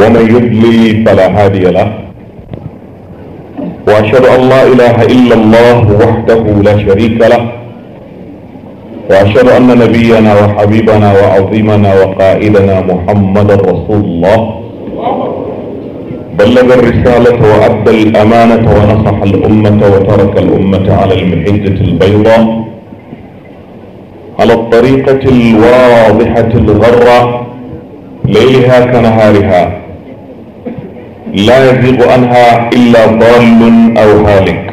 ومن يضلل فلا هادي له واشهد ان لا اله الا الله وحده لا شريك له واشهد ان نبينا وحبيبنا وعظيمنا وقائدنا محمدا رسول الله بلغ الرسالة وأدى الأمانة ونصح الأمة وترك الأمة على المحجة البيضاء على الطريقة الواضحة الغرة ليلها كنهارها لا يزيغ عنها إلا ضال أو هالك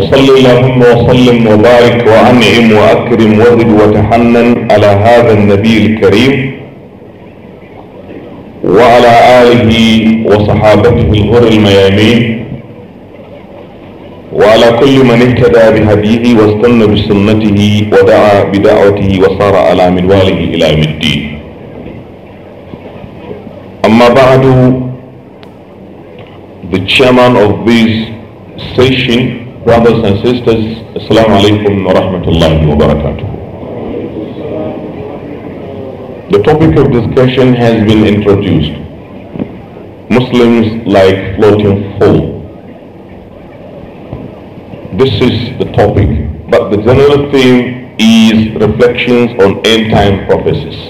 وصل اللهم وسلم وبارك وأنعم وأكرم وزد وتحنن على هذا النبي الكريم وعلى آله وصحابته الغر الميامين وعلى كل من اهتدى بهديه واستنى بسنته ودعا بدعوته وصار على منواله إلى يوم الدين Amma Badu, the chairman of this session brothers and sisters Assalamu alaikum wa rahmatullahi wa barakatuh the topic of discussion has been introduced Muslims like floating fowl this is the topic but the general theme is reflections on end time prophecies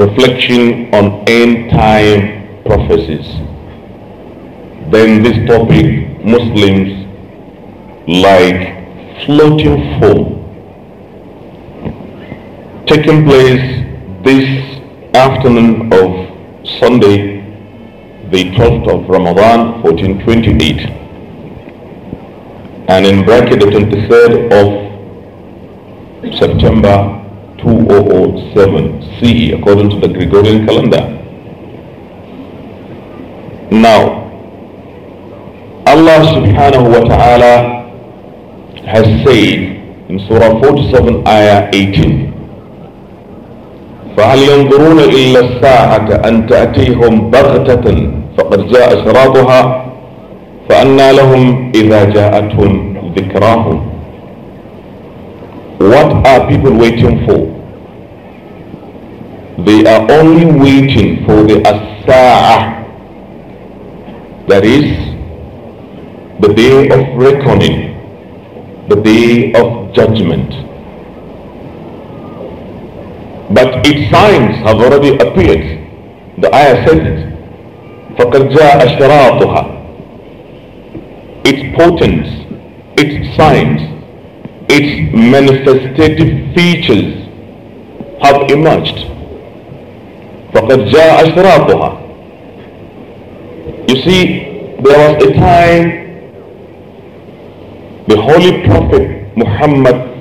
reflection on end time prophecies. Then this topic, Muslims like floating foam, taking place this afternoon of Sunday, the 12th of Ramadan, 1428, and in bracket the 23rd of September 2007 CE according to the Gregorian calendar. Now, Allah subhanahu wa ta'ala has said in Surah 47 ayah 18 فهل ينظرون إلا الساعة أن تأتيهم بغتة فقد جاء أشراطها فأنى لهم إذا جاءتهم ذكراهم what are people waiting for? They are only waiting for the as-sa'ah. is the day of reckoning, the day of judgment. But its signs have already appeared. The ayah said it. فَقَدْ Its potent, its signs its manifestative features have emerged. فَقَدْ جَاءَ You see, there was a time the Holy Prophet Muhammad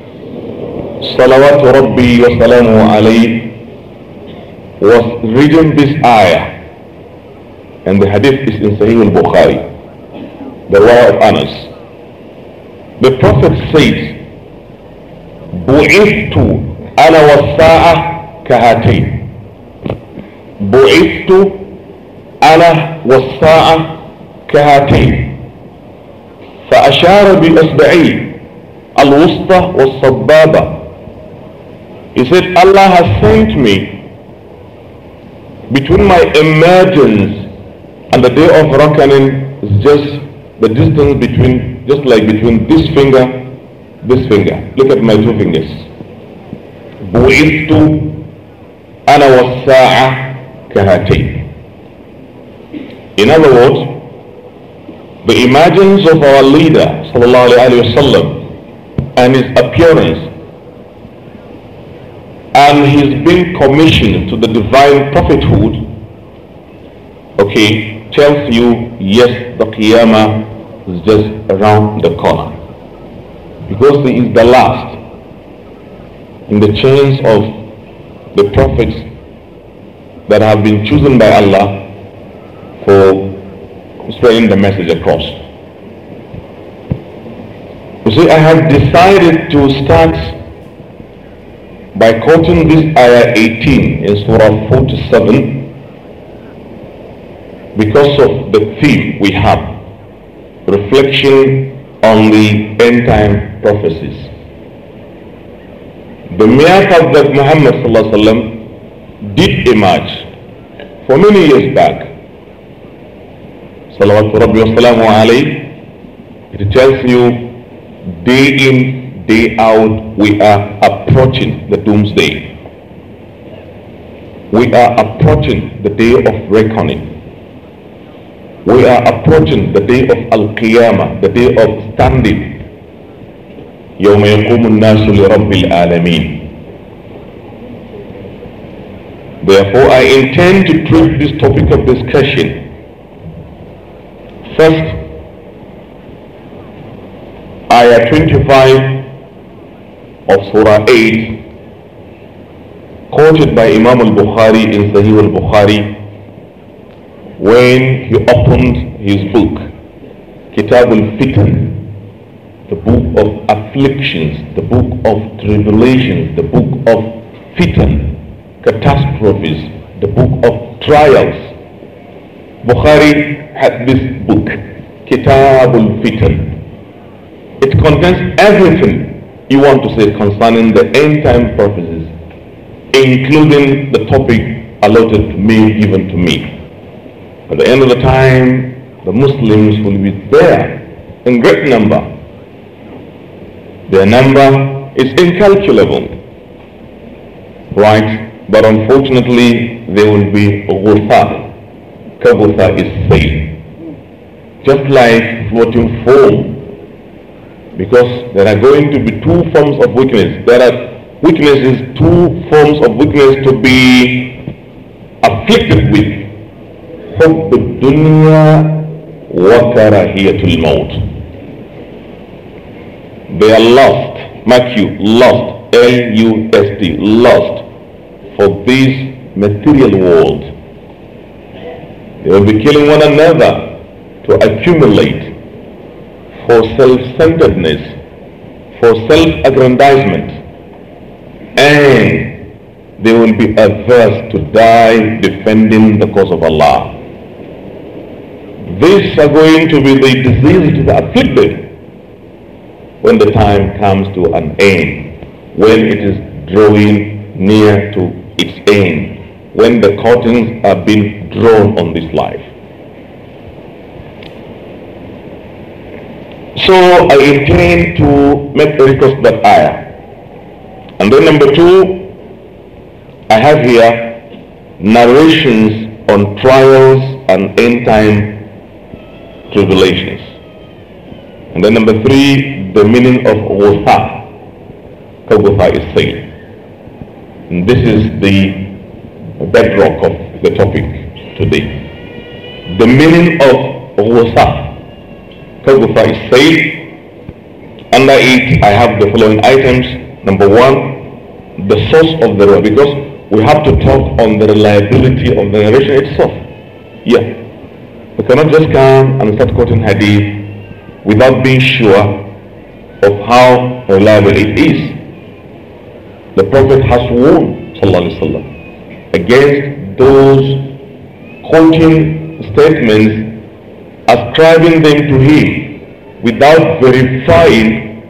صلوات ربي وسلامه was reading this ayah and the hadith is in Sahih al-Bukhari the law of Anas the Prophet says بعثت أنا والساعة كهاتين بعثت أنا والساعة كهاتين فأشار بإصبعيه الوسطى والصبابة He said, Allah has sent me between my emergence and the day of reckoning is just the distance between, just like between this finger this finger. Look at my two fingers. بعثت أنا والساعة كهاتين. In other words, the images of our leader wasallam, and his appearance and his being commissioned to the divine prophethood okay tells you yes the qiyamah is just around the corner because he is the last in the chains of the prophets that have been chosen by Allah for spreading the message across. You see, I have decided to start by quoting this ayah 18 in Surah 47 because of the theme we have, reflection on the end time prophecies. The mere fact that Muhammad did emerge for many years back, it tells you day in, day out, we are approaching the doomsday. We are approaching the day of reckoning. We are approaching the day of Al-Qiyamah, the day of standing يوم يقوم الناس لرب العالمين Therefore, I intend to treat this topic of discussion. First, Ayah 25 of Surah 8, quoted by Imam al-Bukhari in Sahih al-Bukhari, when he opened his book, Kitab al-Fitan, the book of afflictions, the book of tribulations, the book of fitan, catastrophes, the book of trials. Bukhari had this book, Kitabul Fitan. It contains everything you want to say concerning the end time prophecies, including the topic allotted to me, given to me. At the end of the time, the Muslims will be there in great number their number is incalculable, right? But unfortunately, they will be غُثَى كَغُثَى is said. Just like floating foam. Because there are going to be two forms of weakness. There are weaknesses, two forms of weakness to be afflicted with. حب الدنيا وكراهية الموت they are lost. Mark you, lost. L-U-S-T, lost for this material world. They will be killing one another to accumulate for self-centeredness, for self-aggrandizement, and they will be averse to die defending the cause of Allah. These are going to be the diseases to the afflicted when the time comes to an end, when it is drawing near to its end, when the curtains are being drawn on this life. So I intend to make a request that ayah. And then number two, I have here narrations on trials and end time tribulations. And then number three, the meaning of Ghufa, Kogutha is saying. This is the bedrock of the topic today. The meaning of Ghufa, Kogutha is saying. Under it, I have the following items. Number one, the source of the riwayah, because we have to talk on the reliability of the narration itself. Yeah. We cannot just come and start quoting hadith without being sure of how reliable it is. The Prophet has warned وسلم, against those quoting statements ascribing them to him without verifying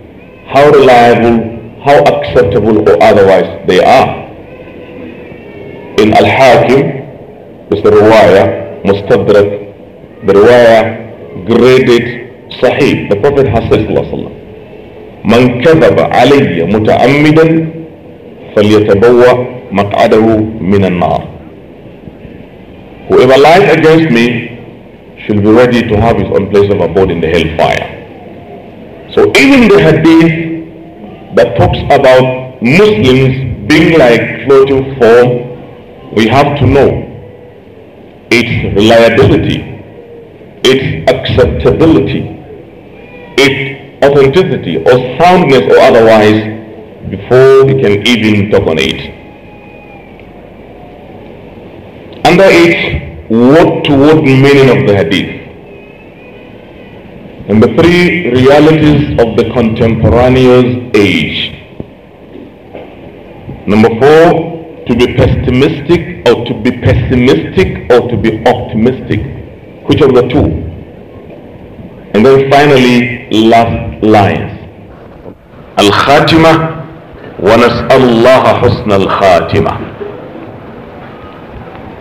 how reliable, how acceptable or otherwise they are. In Al-Hakim, is the riwayah, Mustadrak, the graded Sahih. The Prophet has said, من كذب علي متعمدا فليتبوأ مقعده من النار Whoever lies against me should be ready to have his own place of abode in the hellfire. So even the hadith that talks about Muslims being like floating foam, we have to know its reliability, its acceptability, its authenticity or soundness or otherwise before he can even talk on it. Under it, what, to word meaning of the hadith. And the three realities of the contemporaneous age. Number four, to be pessimistic or to be pessimistic or to be optimistic. Which of the two? And then finally, last lions الخاتمة ونسأل الله حسن الخاتمة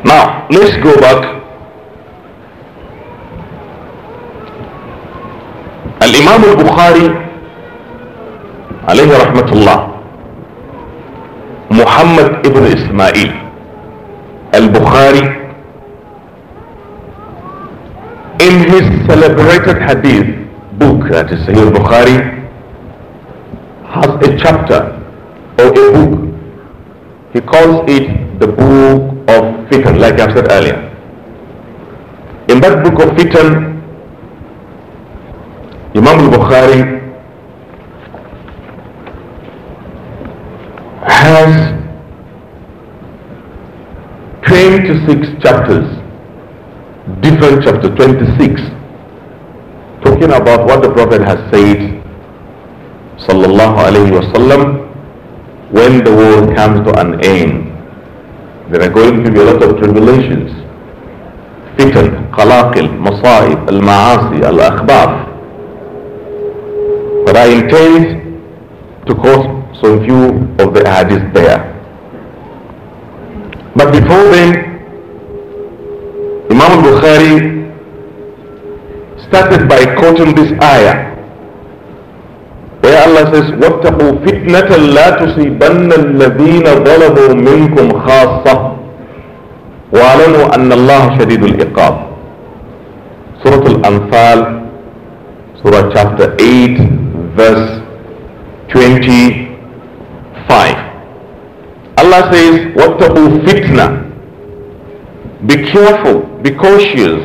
Now let's go back الإمام البخاري عليه رحمة الله محمد ابن إسماعيل البخاري in his celebrated hadith book that is Sahih Bukhari has a chapter or a book. He calls it the book of fitan, like I've said earlier. In that book of fitan, Imam al-Bukhari has 26 chapters, different chapters, 26 talking about what the Prophet has said sallallahu Alaihi wasallam when the world comes to an end there are going to be a lot of tribulations fitan qalaqil masa'ib al-ma'asi al akhbar but I intend to quote some few of the hadith there but before then Imam Bukhari started by quoting this ayah. Where Allah says, وَاتَّقُوا فِتْنَةً لَا تُصِيبَنَّ الَّذِينَ ظَلَمُوا مِنْكُمْ خَاصَّةً وَاعْلَمُوا أَنَّ اللَّهَ شَدِيدُ الْعِقَابِ Surah Al-Anfal, Surah chapter 8, verse 25. Allah says, وَاتَّقُوا فِتْنَةً Be careful, be cautious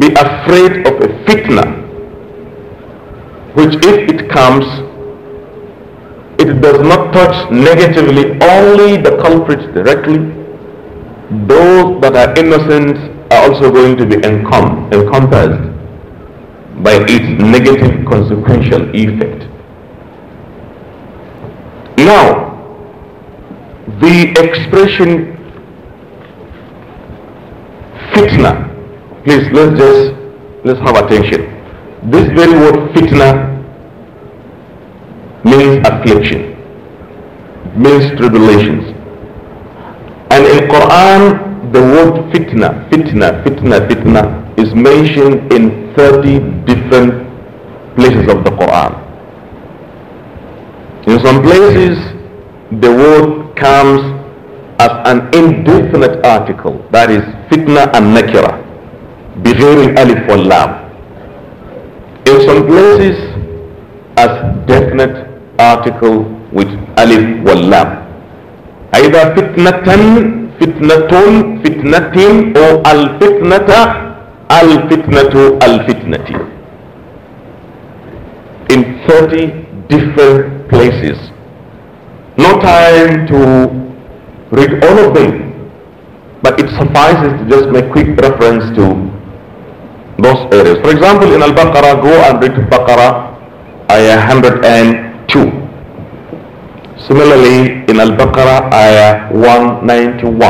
be afraid of a fitna which if it comes it does not touch negatively only the culprits directly those that are innocent are also going to be encom- encompassed by its negative consequential effect now the expression fitna Please, let's just, let's have attention. This very word fitna means affliction, means tribulations. And in Quran, the word fitna, fitna, fitna, fitna is mentioned in 30 different places of the Quran. In some places, the word comes as an indefinite article, that is fitna and nakira. بغير الالف واللام in some places as definite article with alif واللام either fitnatun, fitnatun fitnatin or al-fitnata al in 30 different places no time to read all of them but it suffices to just make quick reference to those areas. For example, in Al-Baqarah, go and read Baqarah, ayah 102. Similarly, in Al-Baqarah, ayah 191.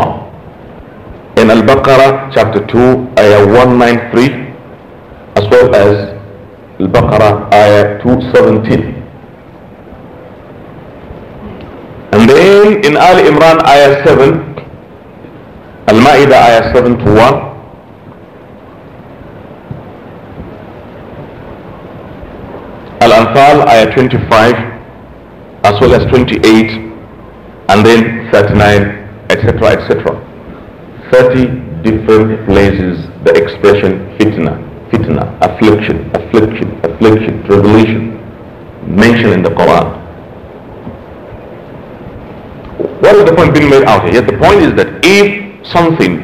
In Al-Baqarah, chapter 2, ayah 193, as well as Al-Baqarah, ayah 217. And then in Ali Imran, ayah 7, Al-Ma'idah, ayah 7 to 1, Al-Anfal, ayah 25, as well as 28, and then 39, etc., etc. 30 different places the expression fitna, fitna, affliction, affliction, affliction, tribulation mentioned in the Quran. What is the point being made out here? the point is that if something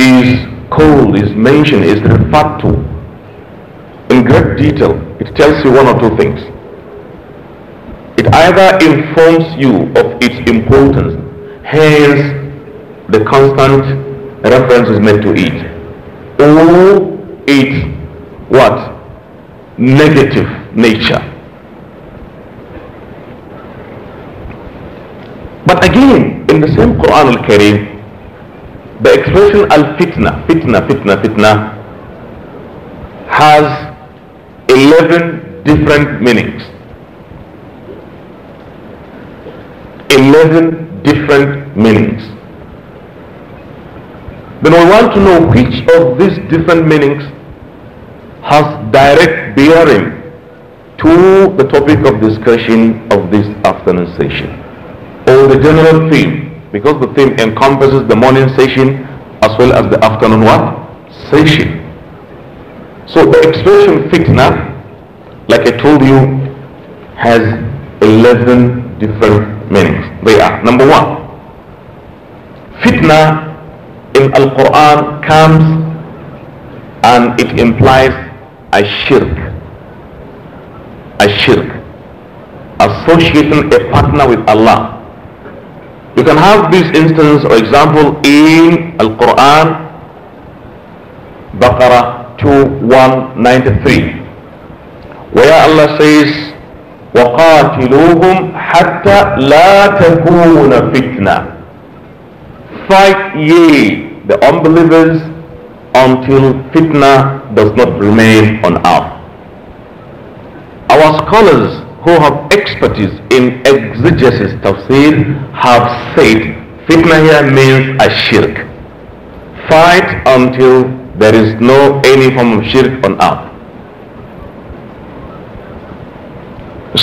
is called, is mentioned, is referred to in great detail it tells you one or two things. It either informs you of its importance, hence the constant reference is made to it, or its what? Negative nature. But again, in the same Quran al-Karim, the expression al-fitna, fitna, fitna, fitna, has 11 different meanings. 11 different meanings. Then we want to know which of these different meanings has direct bearing to the topic of discussion of this afternoon session or the general theme because the theme encompasses the morning session as well as the afternoon what? Session. So the expression fitna, like I told you, has 11 different meanings. They are number one, fitna in Al Quran comes and it implies a shirk, a shirk, associating a partner with Allah. You can have this instance or example in Al Quran, Baqarah 2193 where Allah says وقاتلوهم حتى لا تكون فتنة fight ye the unbelievers until fitna does not remain on earth our scholars who have expertise in exegesis tafsir have said fitna here means a shirk fight until there is no any form of shirk on earth.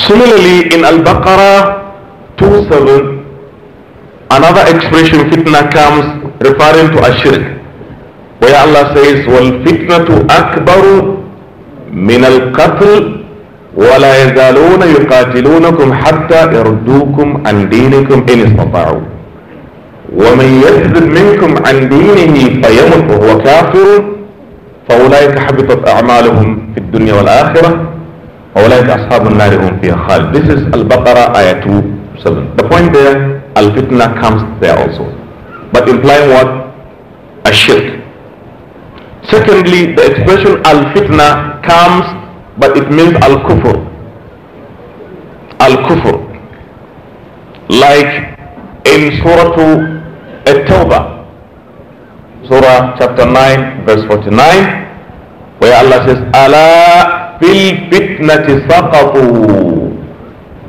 Similarly, in Al-Baqarah 2.7, another expression fitna comes referring to shirk, where Allah says, وَالْفِتْنَةُ أَكْبَرُ مِنَ الْقَتْلِ ولا يزالون يقاتلونكم حتى يردوكم عن دينكم إن استطاعوا ومن يكذب منكم عن دينه فيمت وهو كافر فأولئك حبطت أعمالهم في الدنيا والآخرة وأولئك أصحاب النار هم فيها خالد This is Al-Baqarah ayah 27 The point there Al-Fitna comes there also But implying what? A shirk Secondly, the expression Al-Fitna comes but it means Al-Kufr Al-Kufr Like in Surah October, Surah chapter 9, verse 49, where Allah says, "Ala أَلَا فِي الْفِتْنَةِ سَقَطُوا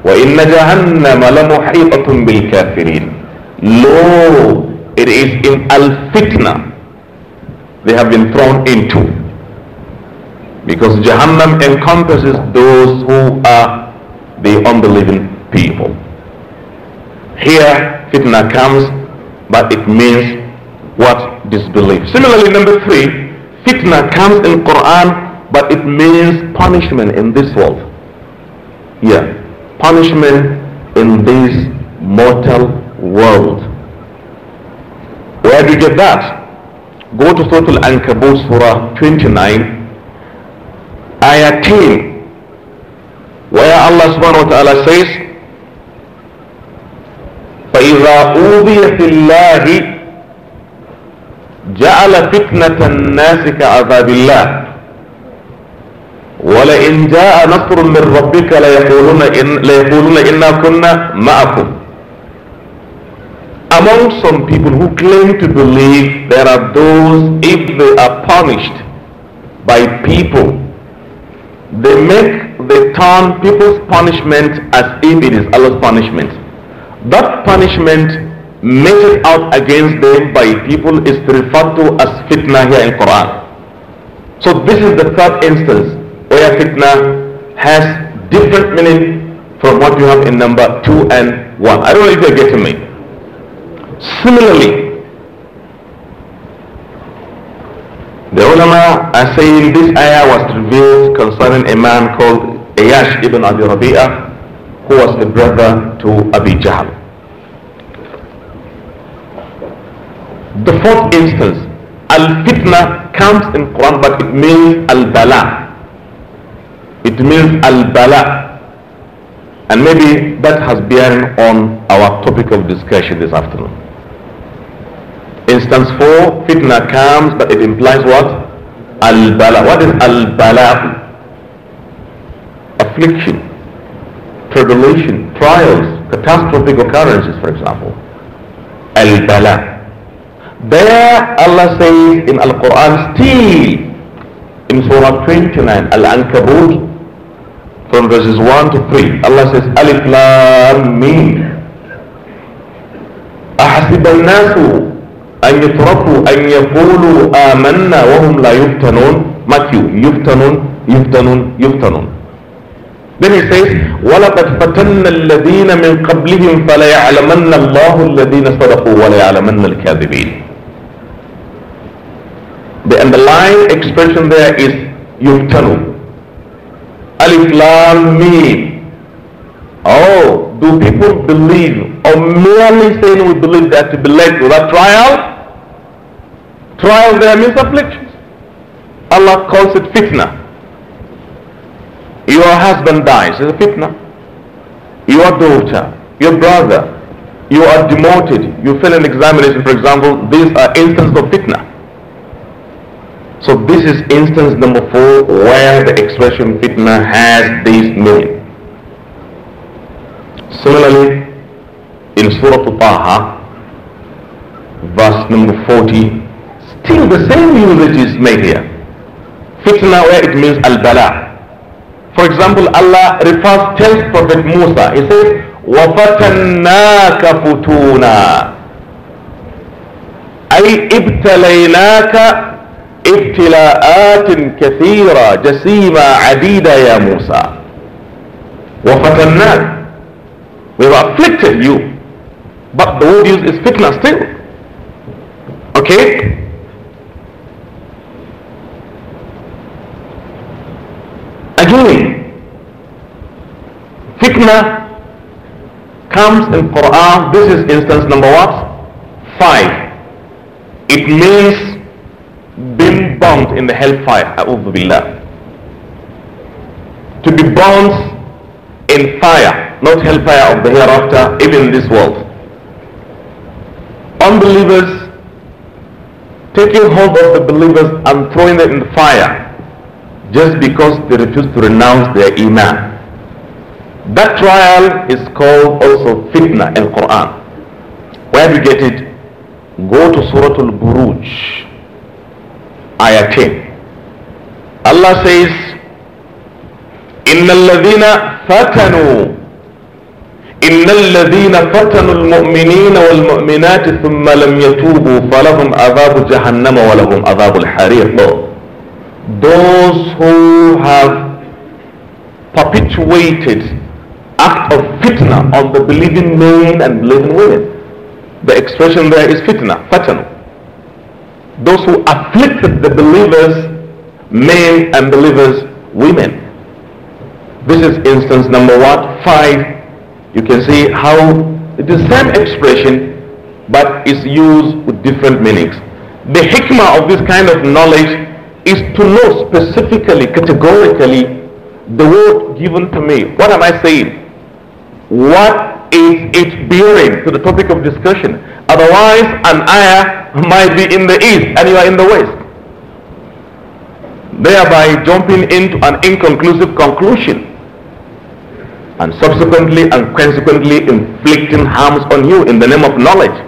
la جَهَنَّمَ bil بِالْكَافِرِينَ Lo, it is in al-fitna they have been thrown into. Because Jahannam encompasses those who are the unbelieving people. Here, fitna comes but it means what disbelief. Similarly, number three, fitna comes in Quran, but it means punishment in this world. Yeah, punishment in this mortal world. Where do you get that? Go to Surah Al-Ankabut, Surah 29, Ayat 10, where Allah subhanahu wa ta'ala says, فإذا أوذي في الله جعل فتنة الناس كعذاب الله ولئن جاء نصر من ربك ليقولون, إن ليقولون إنا كنا معكم Among some people who claim to believe there are those if they are punished by people they make they turn people's punishment as if it is Allah's punishment That punishment meted out against them by people is referred to as fitna here in Quran. So this is the third instance where fitna has different meaning from what you have in number 2 and 1. I don't know if you're getting me. Similarly, The ulama are saying this ayah was revealed concerning a man called Ayash ibn Abi Rabi'ah who was the brother to Abi Jahl. The fourth instance, al-fitna comes in Quran but it means al-bala. It means al-bala. And maybe that has bearing on our topic of discussion this afternoon. Instance 4, fitna comes but it implies what? Al-bala. What is al-bala? Affliction tribulation, trials, catastrophic occurrences, for example. Al-Bala. There Allah says in Al-Quran still in Surah 29, Al-Ankabut, from verses 1 to 3, Allah says, Alif Lam Mim. أحسب الناس أن يتركوا أن يقولوا آمنا وهم لا يفتنون Matthew يفتنون يفتنون يفتنون Then he says, وَلَقَدْ فَتَنَّ الَّذِينَ مِنْ قَبْلِهِمْ فَلَيَعْلَمَنَّ اللَّهُ الَّذِينَ صَدَقُوا وَلَيَعْلَمَنَّ الْكَاذِبِينَ The underlying expression there is يُفْتَنُوا Alif Lam Mim Oh, do people believe or merely saying we believe that to be led without trial? Trial there means afflictions. Allah calls it fitna your husband dies, it's a fitna. Your daughter, your brother, you are demoted, you fail an examination, for example, these are instances of fitna. So this is instance number four where the expression fitna has this meaning. Similarly, in Surah Al-Taha, verse number 40, still the same usage is made here. Fitna where it means al-bala, For example, Allah refers, tells Prophet Musa, he says, وَفَتَنَّاكَ فُتُونًا أي ابتليناك ابتلاءات كثيرة جسيمة عديدة يا موسى وفتناك We have afflicted you But the word used is fitness still Okay Again, fitna comes in Quran. This is instance number what? Five. It means being burnt in the hellfire. To be burnt in fire, not hellfire of the hereafter, even in this world. Unbelievers taking hold of the believers and throwing them in the fire just because they refuse to renounce their iman. That trial is called also fitna in Quran. Where do you get it? Go to Surah Al-Buruj, ayah 10. Allah says, إن الذين فتنوا إن الذين فتنوا المؤمنين والمؤمنات ثم لم يتوبوا فلهم عذاب جهنم ولهم عذاب الحريق those who have perpetuated act of fitna on the believing men and believing women. The expression there is fitna, fatanu. Those who afflicted the believers, men and believers, women. This is instance number one, five. You can see how it is the same expression but is used with different meanings. The hikmah of this kind of knowledge is to know specifically, categorically, the word given to me. What am I saying? What is it bearing to the topic of discussion? Otherwise, an ayah might be in the east and you are in the west, thereby jumping into an inconclusive conclusion and subsequently and consequently inflicting harms on you in the name of knowledge.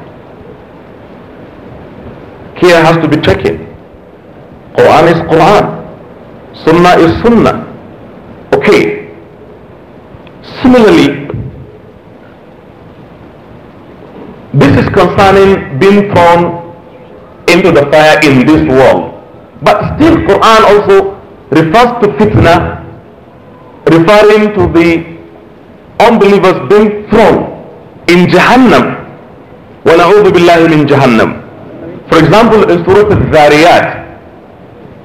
Care has to be taken Quran is Quran. Sunnah is Sunnah. Okay. Similarly, this is concerning being thrown into the fire in this world. But still Quran also refers to fitna, referring to the unbelievers being thrown in Jahannam. وَنَعُوذُ بِاللَّهِ مِنْ جَهَنَّمْ For example, in Surah Al-Zariyat,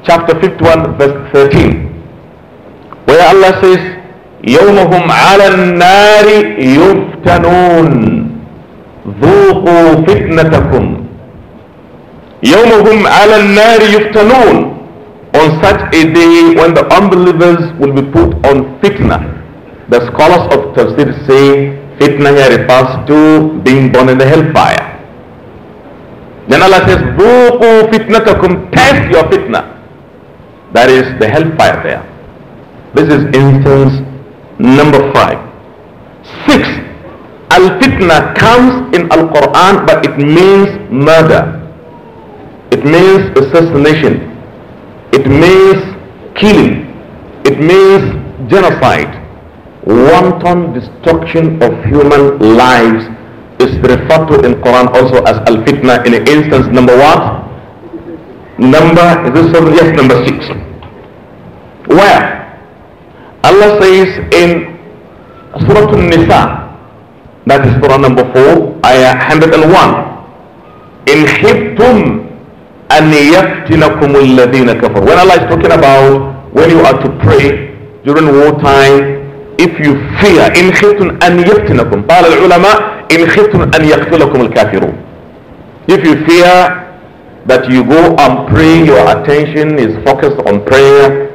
chapter 51 verse 13 where Allah says يومهم على النار يفتنون ذوقوا فتنتكم يومهم على النار يفتنون on such a day when the unbelievers will be put on fitna the scholars of tafsir say fitna here refers to being born in the hellfire then Allah says ذوقوا فتنتكم test your fitna that is the hellfire there. This is instance number five. Six, al-fitna comes in al-Quran, but it means murder. It means assassination. It means killing. It means genocide. Wanton destruction of human lives is referred to in Quran also as al-fitna in instance number one number, this one, yes, number six. Where Allah says in Surah An-Nisa, that is Surah number four, ayah 101, إن خفتم أن يفتنكم الذين kafar When Allah is talking about when you are to pray during wartime if you fear in إن خفتم أن يفتنكم ulama in إن خفتم أن يقتلكم الكافرون if you fear that you go and pray, your attention is focused on prayer,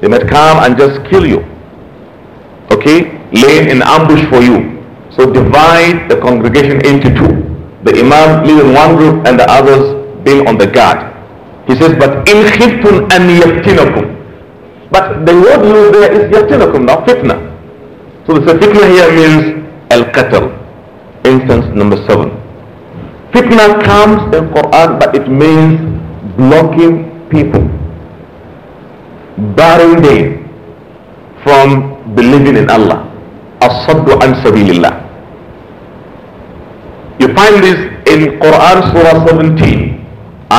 they might come and just kill you. Okay? Lay an ambush for you. So divide the congregation into two. The Imam leading one group and the others being on the guard. He says, but in khiftun and yaftinakum. But the word used there is yaftinakum, not fitna. So the fitna here means al-qatl. Instance number seven. Fitna comes in Quran, but it means blocking people, barring them from believing in Allah. As-saddu an sabilillah. You find this in Quran Surah 17,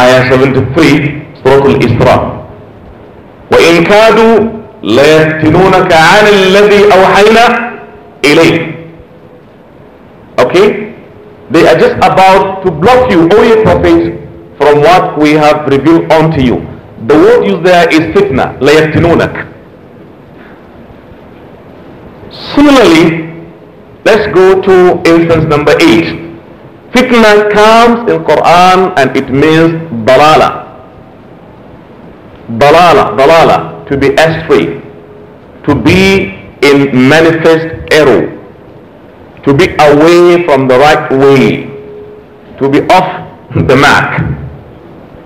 Ayah 73, Surah Al-Isra. وإن كادوا ليفتنونك عن الذي أوحينا إليه. Okay? They are just about to block you, O ye prophets, from what we have revealed unto you. The word used there is fitna, layatinunak. Similarly, let's go to instance number 8. Fitna comes in Quran and it means balala. Balala, balala, to be astray, to be in manifest error to be away from the right way, to be off the mark.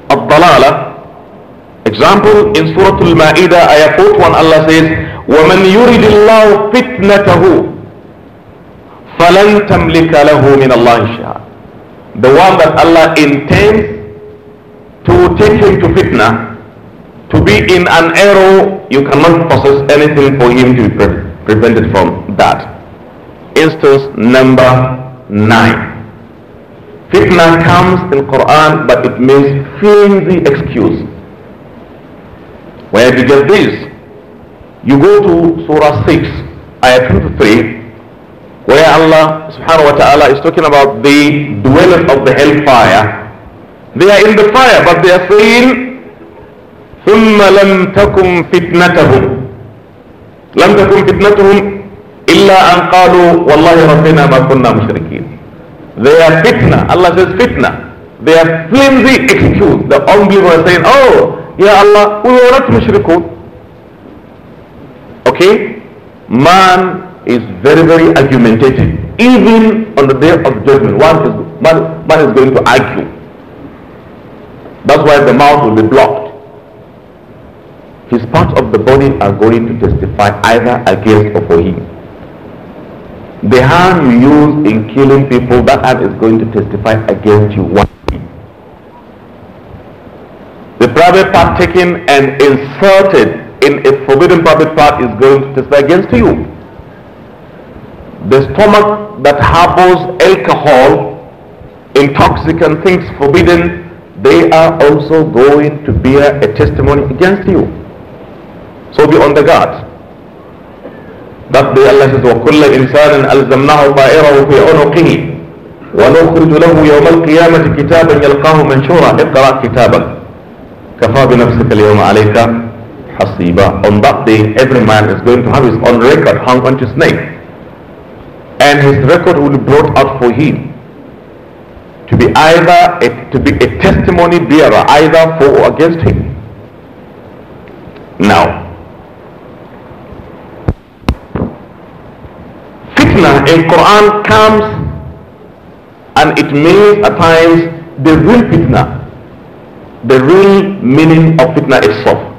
الضلالة Example in Surah Al-Ma'idah, Ayah 41, Allah says, وَمَنْ يُرِدِ اللَّهُ فِتْنَتَهُ فَلَنْ تَمْلِكَ لَهُ مِنَ اللَّهِ شَيْئًا The one that Allah intends to take him to fitna, to be in an arrow, you cannot possess anything for him to be prevented from that instance number 9. Fitna comes in Quran but it means flimsy excuse. Where do you get this? You go to Surah 6, Ayah 23, where Allah subhanahu wa ta'ala is talking about the dwellers of the hellfire. They are in the fire but they are saying, ثم لم تكن فتنتهم لم تكن فتنتهم Illa an قالوا والله ربنا ما كنا They are fitna. Allah says fitna. They are flimsy excuse. The unbelievers are saying, oh, yeah, Allah, we were not mushrikun. Okay? Man is very, very argumentative. Even on the day of judgment, one is, man, man is going to argue. That's why the mouth will be blocked. His parts of the body are going to testify either against or for him. The hand you use in killing people, that hand is going to testify against you. One. The private part taken and inserted in a forbidden private part is going to testify against you. The stomach that harbors alcohol, intoxicant things forbidden, they are also going to bear a testimony against you. So be on the guard. رب الله وكل إنسان ألزمناه طائره في عنقه ونخرج له يوم القيامة كتابا يلقاه منشورا اقرأ كتابا كفى بنفسك اليوم عليك حصيبا On that day every man is going to have his own record hung on his neck and his record will be brought out for him to be either a, to be a testimony bearer either for or against him now fitna in Quran comes and it means at times the real fitna. The real meaning of fitna itself.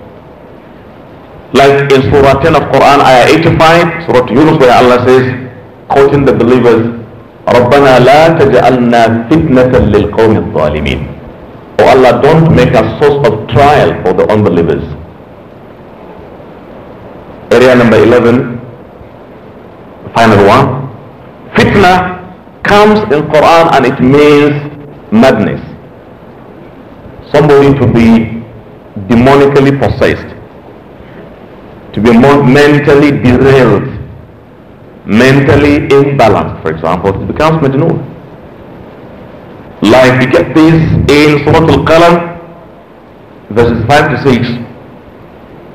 Like in Surah 10 of Quran, Ayah 85, Surah Yunus where Allah says, quoting the believers, رَبَّنَا لَا تَجْعَلْنَا فِتْنَةً لِلْقَوْمِ الظَّالِمِينَ Oh Allah, don't make a source of trial for the unbelievers. Area number 11. Point one. Fitna comes in Quran and it means madness. Somebody to be demonically possessed, to be mentally derailed, mentally imbalanced, for example, it becomes Majnun. Like we get this in Surah Al-Qalam, verses 5 to 6,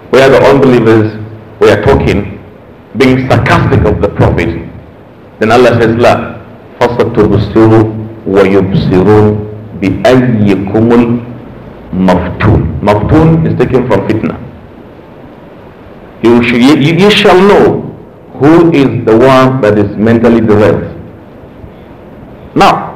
where the unbelievers were talking being sarcastic of the Prophet. Then Allah says, La فَسَتُبْصِرُ bi بِأَيِّكُمُ الْمَفْتُونَ Maftun is taken from fitna. You, you shall know who is the one that is mentally deranged. Now,